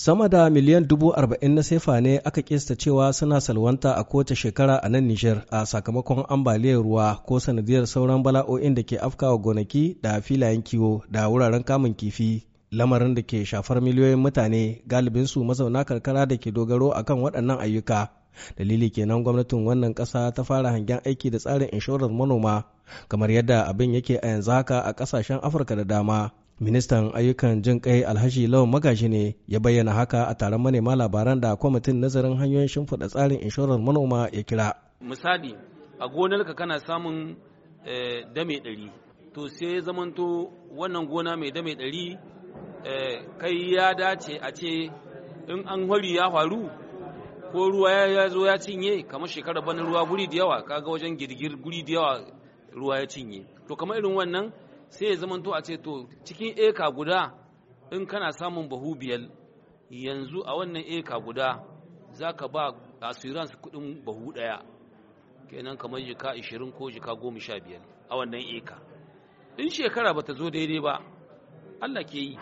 Sama da miliyan dubu arba'in na sefa ne aka kista cewa suna salwanta a kowace shekara a nan Nijar a sakamakon ambaliyar ruwa ko sanadiyar sauran bala'o'in da ke afkawa gonaki da filayen kiwo da wuraren kamun kifi. Lamarin da ke shafar miliyoyin mutane galibin su mazauna karkara da ke dogaro akan waɗannan ayyuka. dalili kenan gwamnatin wannan ƙasa ta fara hangen aiki da tsarin inshorar manoma kamar yadda abin yake a yanzu haka a ƙasashen afirka da dama ministan ayyukan jin kai alhaji lawan magashi ne ya bayyana haka a taron manema labaran da kwamitin nazarin hanyoyin shimfiɗa tsarin inshorar manoma ya kira misali a gonarka kana samun eh, dame ɗari to sai zamanto wannan gona mai dame ɗari eh, kai ya dace a ce in an hori ya faru ko ruwa ya zo ya cinye kamar shekarar bana ruwa guri da yawa kaga wajen girgir guri da yawa ruwa ya cinye to kamar irin wannan sai ya zamanto a ce to cikin eka guda in kana samun bahu biyar yanzu a wannan eka guda za ka ba asiransu kudin bahu daya kenan kamar jika 20 ko jika 15 a wannan eka in shekara ba ta zo daidai ba Allah ke yi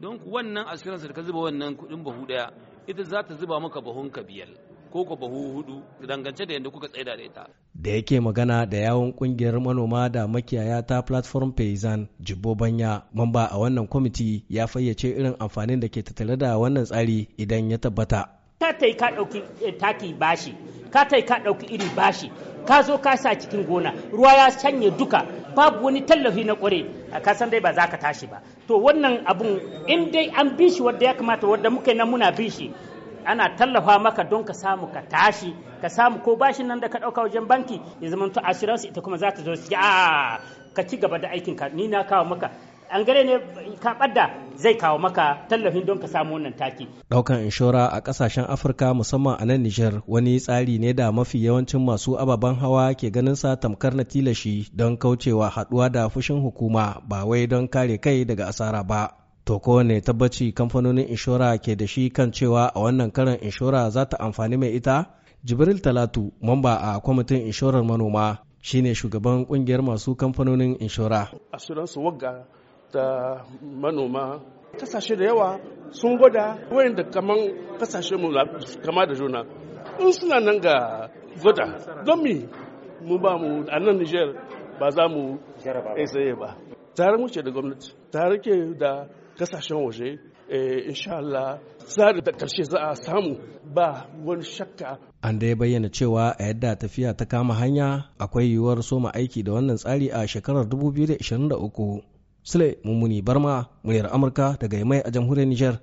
don wannan asirans da ka zuba wannan kudin bahu daya ita za ta zuba maka bahunka biyar ko ka bahu hudu dangance da yadda kuka tsaida da ita da yake magana da yawon kungiyar manoma da makiyaya ta platform paysan jibbo banya mamba a wannan kwamiti ya fayyace irin amfanin da ke tattare da wannan tsari idan ya tabbata ka tai ka ɗauki eh, taki bashi ka tai ka ɗauki iri bashi ka zo ka sa cikin gona ruwa ya canye duka babu wani tallafi na kware ka san dai ba za ka tashi ba to wannan abun in dai an bishi shi wanda ya kamata wanda muke nan muna bishi ana tallafa maka don ka samu ka tashi ka samu ko bashin nan da ka ɗauka wajen banki ya zama to assurance ita kuma za ta zo ci ka ci gaba da aikin ka ni na kawo maka an gare ne ka ɓadda zai kawo maka tallafin don ka samu wannan taki. Ɗaukan inshora a kasashen Afirka musamman a nan Nijar wani tsari ne da mafi yawancin masu ababen hawa ke ganin sa tamkar na tilashi don kaucewa haɗuwa da fushin hukuma ba wai don kare kai daga asara ba. To ko ne tabbaci kamfanonin inshora ke da shi kan cewa a wannan karan inshora za ta amfani mai ita? Jibril Talatu, mamba a kwamitin inshorar manoma, shine shugaban kungiyar masu kamfanonin inshora. Asuransu wagga ta manoma kasashe da yawa sun gwada wayan da kaman kasashe mu kama da juna in suna nan ga gwada don mi mu ba mu a nan Niger ba za mu tsaye ba tare muke da gwamnati tare ke da kasashen waje eh, insha Allah tsari da karshe za a samu ba wani shakka an da ya bayyana cewa a yadda tafiya ta kama hanya akwai yiwuwar soma aiki da wannan tsari a shekarar 2023 sule mummuni barma muryar amurka daga mai a jamhuriyar Nijar.